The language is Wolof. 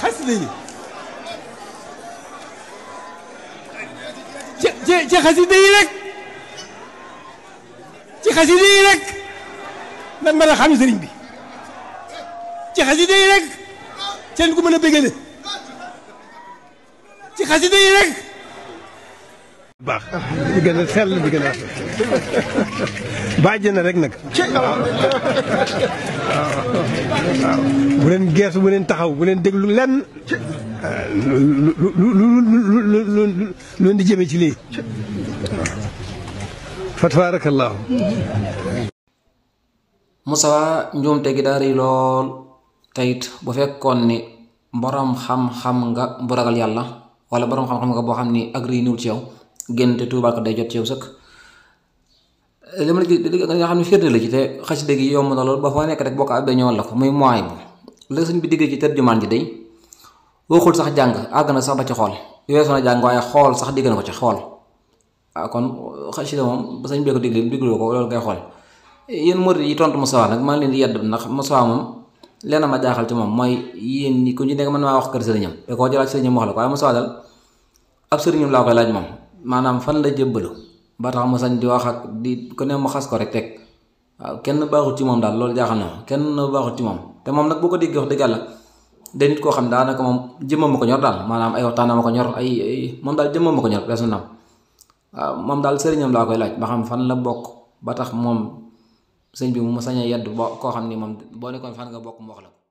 xasida yi ci ci ci yi rek ci xasida yi rek nan mën a xam sëriñ bi ci xasida yi rek kenn ku mën a bégale ci xasida yi rek baax. di gën a sell di gën a bàjj na rek nag. bu leen geesu bu leen taxaw bu leen déglu lenn. lu lu lu lu leen di jëme ci lii. fa tabaarakallaahu. Moussa njuumte gi daa rëy lool tayit bu fekkoon ni boroom xam-xam nga bu ragal yàlla wala boroom xam-xam nga boo xam ni ak rëy niwul ci yow. génn te Tuubaa ko day jot ci yow sëkk li ma la ci nga xam ne firnde la ci te xasida gi yomb na lool ba foo nekk rek boo ko abbee ñëwal la ko muy mooy bu la sëñ bi diggee ci tërjumaan ji day sax jàng àgg na sax ba ci xool weesu na waaye xool sax digg ko ci xool waaw ah, kon xasida moom ba sëñ bee ko digle digloo ko loolu ngay xool yéen murid yi tontu Moussa nag maa leen di yedd ndax Moussa moom lenn ma jaaxal ci moom mooy yéen ñi ku ñu nekk mën maa wax kër sëriñam te koo jëlaat sëriñam wax la ko waaye Moussa daal ab sëriñam laa koy laaj moom maanaam fan la jébbalu ba tax mu sañ di wax ak di ko ne ma xas ko rek teg waaw kenn baaxut ci moom daal loolu jaaxal na kenn baaxut ci moom te moom nag boo ko déggee wax dëgg yàlla de nit koo xam daanaka moom jëmmam ma ko ñor daal maanaam ay waxtaanam ma ko ñor ay ay daal jëmmam ma ko ñor reesu nam waaw moom daal sëriñam laa koy laaj ba xam fan la bokk ba tax moom sëñ bi mu sañ a yedd boo koo xam ni moom boo nekkoon fan nga bokk mu la